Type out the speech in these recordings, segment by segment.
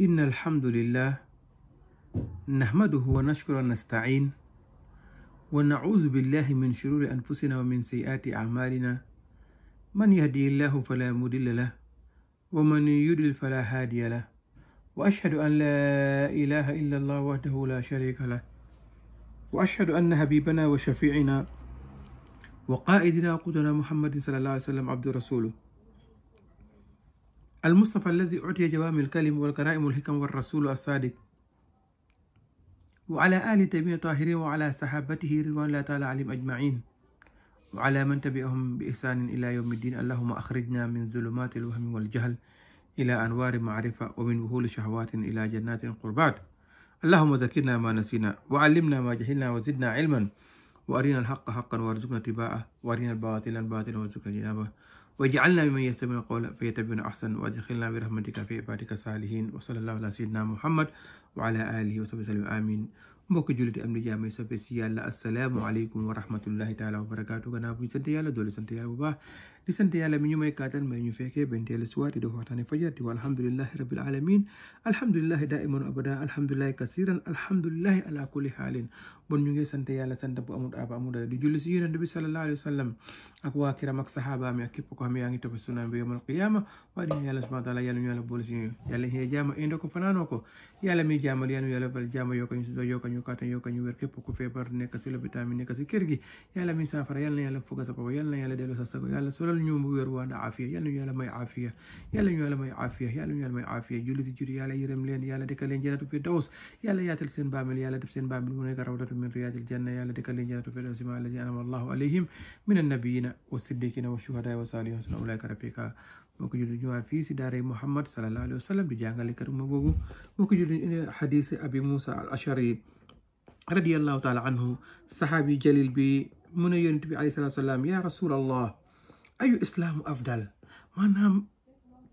إن الحمد لله نحمده ونشكر ونستعين ونعوذ بالله من شرور أنفسنا ومن سيئات أعمالنا من يهدي الله فلا مضل له ومن يضلل فلا هادي له وأشهد أن لا إله إلا الله وحده لا شريك له وأشهد أن حبيبنا وشفيعنا وقائدنا وقدنا محمد صلى الله عليه وسلم عبد رسوله المصطفى الذي أعطي جوامع الكلم والكرائم والحكم والرسول الصادق وعلى آل تيمية الطاهرين وعلى صحابته رضوان الله تعالى عليهم أجمعين وعلى من تبعهم بإحسان إلى يوم الدين اللهم أخرجنا من ظلمات الوهم والجهل إلى أنوار معرفة ومن وهول شهوات إلى جنات قربات اللهم ذكرنا ما نسينا وعلمنا ما جهلنا وزدنا علما وأرنا الحق حقا وارزقنا اتباعه وأرنا الباطل باطلا وارزقنا اجتنابه وجعلنا ممن يستمعون القول فيتبعون احسن وادخلنا برحمتك في عبادك الصالحين وصلى الله على سيدنا محمد وعلى اله وصحبه وسلم امين mbokk jullit am na jàmm soppe si yàlla assalaamu aleykum wa rahmatullahi taala wa barakaatu gannaaw bu ñu sant yàlla doole sant yàlla bu baax di sante yalla mi ñu may katan may ñu fekke bentel suwati do di fajar di walhamdulillah rabbil alamin alhamdulillahi daiman abada Alhamdulillah kaseeran Alhamdulillah ala kulli halin. bon ñu ngi sante yalla sante bu amul aba amul di julli ci yonent nabi sallallahu alaihi wasallam sallam ak wa kiram ak mi ak kep ko xam yaa ngi topp sunna bi yawmal qiyamah wa di yalla subhanahu wa taala yalla ñu yàlla boole si yalla xee jaama indo ko fanano ko yalla mi jaamal yàlla yalla bal jaama yokka ñu sutura yokka ñu kàttan yokka ñu wer kep ku febar nek ci lopitaan mi kër mi safara yalla yalla fuga sa ko yalla yalla delu sa sa yalla yàlla ñu wér waan aafiya yàlla ñu yàlla may aafiya yàlla ñu yàlla may aafiya yàlla ñu yàlla may aafiya julliti juri yàlla yërëm leen yàlla dëkkal leen jannatu fi daws yàlla yaatal seen baamel yàlla def seen baamel mu nekk rawdatu min riyaadil janna yàlla dëkkal leen jannatu fi daws ma allazi anama allahu alayhim min annabiyina wa siddiqina wa shuhada wa saalihin suna ulaika rafiqa moo ko julli ñëwaat fii si daaray muhammad sallallahu alayhi wa sallam di jàngalekat ma boobu moo ko julli xadiis abi musa al ashari radiallahu taala anhu saxaabi jalil bi mu ne yonent bi alayhi salaatu wa salaam yaa rasulallah islaamu afdal maanaam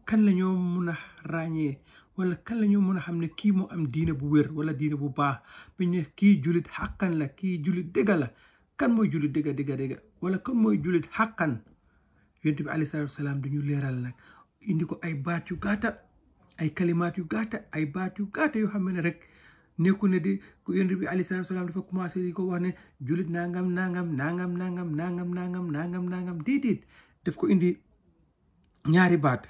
kan la ñoo a ràññee wala kan la ñoo a xam ne kii moo am diine bu wér wala diine bu baax bi ñu ne kii julit la kii julit dëgga la kan mooy julit dëgga dëgga wala kan mooy xàkkan yonent bi aleyhi salaatu salaam leeral nag indi ko ay baat yu gaata ay kalimaat yu gaata ay baat yu gaata yoo xam ne rek nekku ne di yonent bi aleyhi salaatu salaam dafa commencé di ko wax ne julit nangam nangam nangam nangam nangam nangam nangam nangam déedéet daf ko indi ñaari baat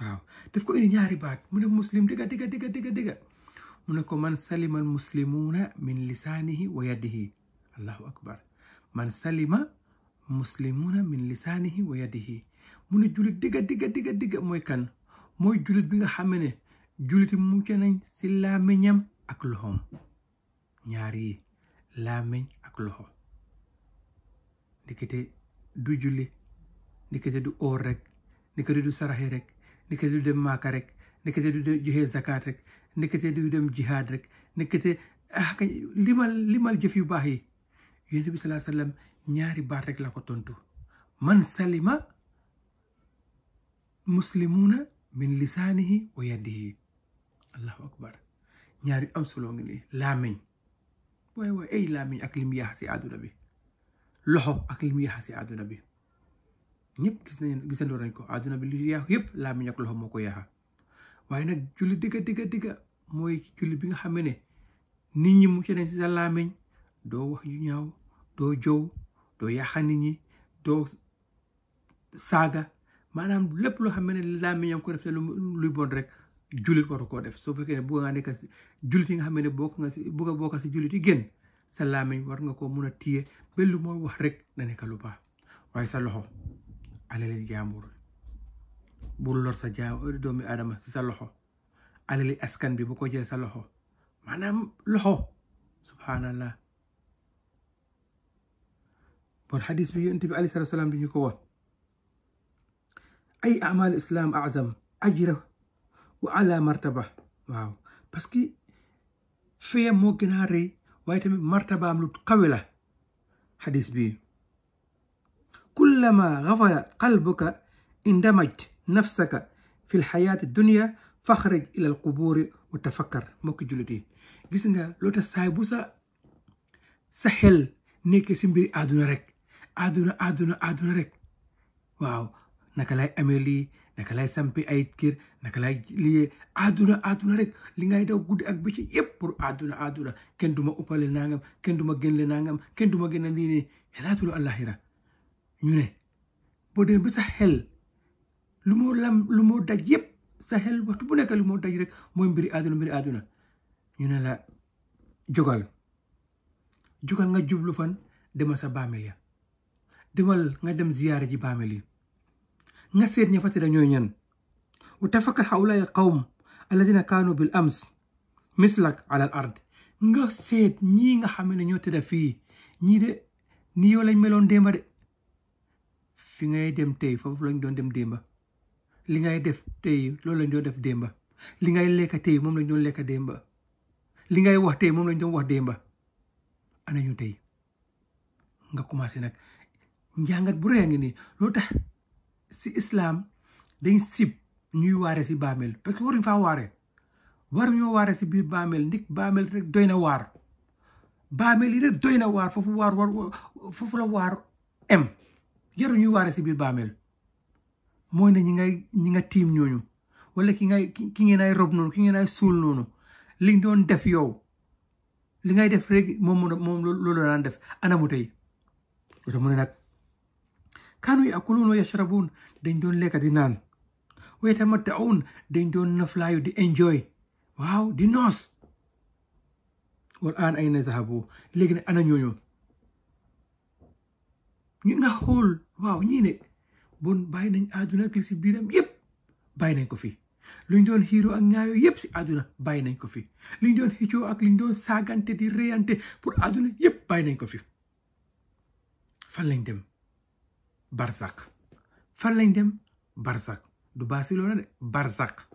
waaw daf ko indi ñaari baat mu ne muslim diga diga diga diga diga mu ne ko man salima al min lisaanihi wa yadihi allahu akbar man salima muslimuuna min lisaanihi wa yadihi mu ne julit diga diga diga diga mooy kan mooy julit bi nga xam ne juliti nañ si làmmiñam ak loxoom ñaar yi làmmiñ ak loxo ndikite du juli ndekete du oor rek ndekete du saraxe rek ndekete du dem maaka rek ndekete du joxe zakat rek ndekete du dem jihaad rek ndekete ah, limal limal jëf yu baax yi yonent bi salaa baat rek la ko tontu man salima muslimuna min lisaanihi wa yadihi allahu akbar ñaari am solo ngi nii laamiñ waay waay ay ak lim si àdduna bi loxo ak li mu yaxasi àdduna bi ñëpp gis nañ gisandoo nañ ko àdduna bi li yaaxu yëpp laa loxo moo ko yaaxa waaye nag julli digga digga mooy julli bi nga xam ne nit ñi mucc nañ si sa làmmiñ doo wax ju ñaaw doo jow doo yaaxa nit ñi doo saaga maanaam lépp loo xam ne làmmiñam ko def te luy bon rek jullit waru koo def soo fekkee ne bugg nga yi nga xam ne bokk nga si bugg a bokk si jullit yi génn sa làmmiñ war nga koo mun a téye ba lu mooy wax rek na nekk lu baax waaye sa loxo alali jaambur bul lor sa jaam eh, doomi si sa loxo alali askan bi bu ko jël sa loxo maanaam loxo subhanallah bon xadis bi yonent bi bi ñu ko woon ay amal islam azam ajra wa ala martaba waaw parce que fee waaye tamit martabaam lu kawe حديث بي كلما غفل قلبك اندمج نفسك في الحياة الدنيا فخرج إلى القبور وتفكر موكي جلدي جسنا لوتا سايبوسا سهل نيكي سمبي آدونا رك آدونا آدونا آدونا رك واو نكالاي أميلي Nakalai sampai ait kir nakalai li aduna aduna rek li ngay daw gudi ak bëccëg yep pour aduna aduna Ken duma uppale nangam ken duma genle nangam ken duma gën ni ni nii allahira ñu ne bo demee sa hel lu mo lam lu mo daj yep sa hel waxtu bu nek lu mo daj rek moy mbiri aduna mbiri aduna ñu ne la jogal jogal nga jublu fan demal sa baamel ya demal nga dem ziyaara ji ya. nga seet ñi fa tëdd ñooy ñan wa tafakkar haulaay al qawm alladina kaanu bil ams mislak ala al ard nga seet ñii nga xam ne ñoo tëdd fii ñii de ni yoo lañ meloon démba de fi ngay dem tey foofu lañ doon dem démba li ngay def tey loolu lañ doon def démba li ngay lekka tey moom lañ doon lekka demba li ngay wax tey moom lañ doon wax démba ana ñu tey nga commencé nag njàngat bu rëy a ngi nii si islaam dañ sib ñuy waare si baamel parce que waruñ faa waare waru ñoo waare si biir baamel ndik baamel rek doy na waar baamel yi rek doy na waar foofu waar war foofu waar em jaru ñuy waare si biir baamel mooy ne ñi ngay ñi nga tiim ñooñu wala ki ngay ki ngeen ay rob noonu ki ngeen suul noonu liñ doon def yow li ngay def rek moom moom loolu daan def anamu tey mu kaanu yakuluun wa yashrabuun dañ doon lekk di naan wa yatamatta'uun dañ doon naflaayu di enjoy waaw di noos wal aan ayna zahabu léegi nag ana nga xool waaw ñii ne bon bàyyi nañ àdduna ak si biiram yëpp bàyyi nañ ko fi luñ doon xiiroo ak ñaayoo yëpp si àdduna bàyyi nañ ko fi liñ doon xëccoo ak liñ doon saagante di réyante pour àdduna yëpp bàyyi nañ ko fi fan lañ barzak fan lañ dem barzak du Barcelona de barzak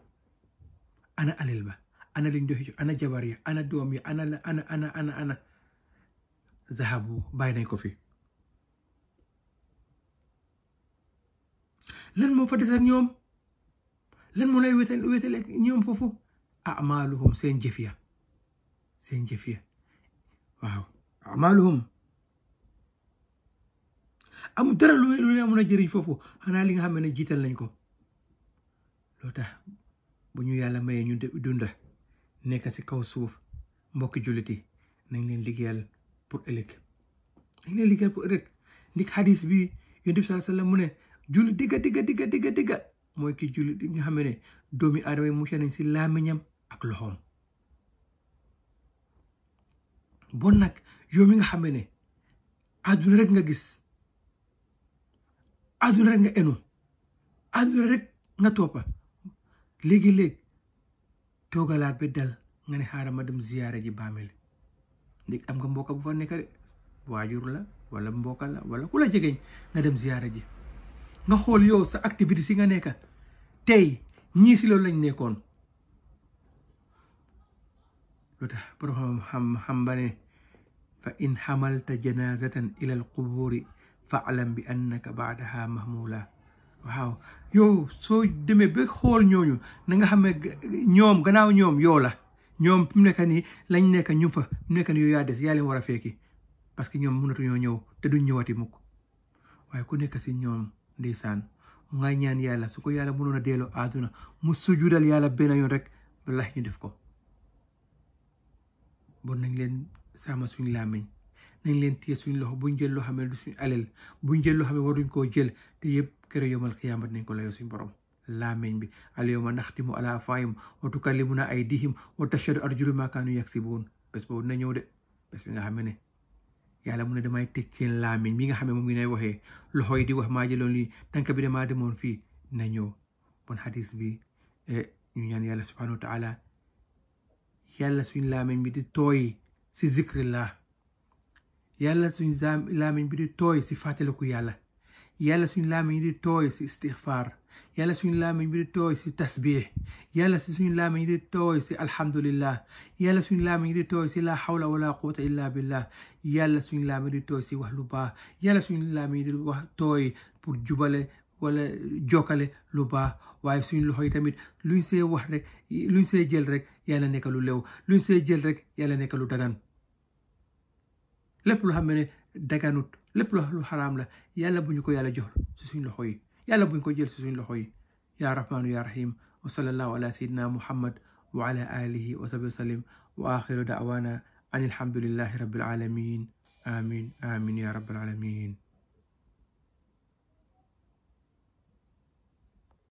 ana alel ba ana liñ doxi ana jabar ya ana doom ya ana la ana ana ana ana zahabu bàyyi nañ ko fi lan moo fa des ñoom lan moo lay wéetal wéetal ak ñoom foofu amaaluhum seen jëf ya seen jëf amaaluhum amul dara lu lu amoon a jëriñ foofu xanaa li nga xam ne jiital nañ ko loo tax bu ñu yàlla mayee ñu dunda nekk si kaw suuf mbokki jullit yi leen liggéeyal pour ëllëg nañ leen liggéeyal pour ëllëg ndik hadis bi yonent bi sallallahu alayhi wasallam mu ne julli digga digga digga digga mooy ki jullit nga xam ne doomi aadama yi mucc nañ si laamiñam ak loxoom bon nag yow nga xam ne àdduna rek nga gis àdduna rek nga enu àdduna rek nga toppa léegi-léegi toogalaat bi dal nga ne xaaral ma dem ziyaara ji bàmmeel ndég am nga mbokka bu fa nekk de waajur la wala mbokka la wala ku la jegeñ nga dem ziyaara ji nga xool yow sa activité si nga nekka tey ñiisi si lañ nekkoon lu tax borom xam fa in xamalta janazatan ila al quburi faalam bi annaka baadaha mahmula waaw yow soo demee ba xool ñooñu na nga xam ne ñoom ganaaw ñoom yow la ñoom fi mu nekk nii lañ nekk ñu fa fi mu nekk nii yow yaa des war a fekki parce que ñoom mënatuñoo ñëw te duñ ñëwati mukk waaye ku nekk si ñoom ndeysaan mu nga ñaan yàlla su ko yàlla mënoon a delloo àdduna mu sujudal yàlla benn yoon rek wallahi ñu def ko bon nañ leen sama suñ làmmiñ nañ leen téye suñ loxo buñ jël loo xam ne du suñ jël loo xam ne waruñ koo jël te yëpp kere yomal xiyaama nañ ko layoo suñ borom laameñ bi al yawma naxtimu ala afwaahim wa tukallimuna aydihim wa tashhadu arjuluhum bimaa kaanu yaksibuun bés boobu dina ñëw de bés bi nga xam ne yàlla mu ne damay tëj seen laameñ mi nga xam ne moom ngi nay waxee loxo yi di wax maa jëloon lii tànk bi damaa demoon fii na ñëw bon hadis bi eh, ñu ñaan yàlla subhanahu wa taala yàlla suñ bi di tooy si zikrillah yàlla suñ laamiñ bi di tooy si fàttaliku yàlla yàlla suñ laamiñ di tooy si istixfaar yàlla suñ laamiñ bi di tooy si tasbih yàlla si suñ laamiñ di tooy si alhamdulillah yàlla suñ laamiñ di tooy si la hawla wala quwwata illa billah yàlla suñ laamiñ di tooy si wax lu baax yàlla suñ laamiñ di wax tooy pour jubale wala jokkale lu baax waaye suñ loxo yi tamit luñ see wax rek luñ see jël rek yàlla nekk lu lew luñ see jël rek yàlla nekk lu dagan lépp loo xamné ne daganut lépp lu haram la yàlla buñ ko yàlla jox ci suñ loxoy yàlla buñ ko jël ci suñ loxoy ya rahman ya rahim wa sallallahu ala sayyidina muhammad wa ala alihi wa sahbihi sallim wa akhiru da'wana anil hamdulillahi rabbil alamin amin amin ya rabbil alamin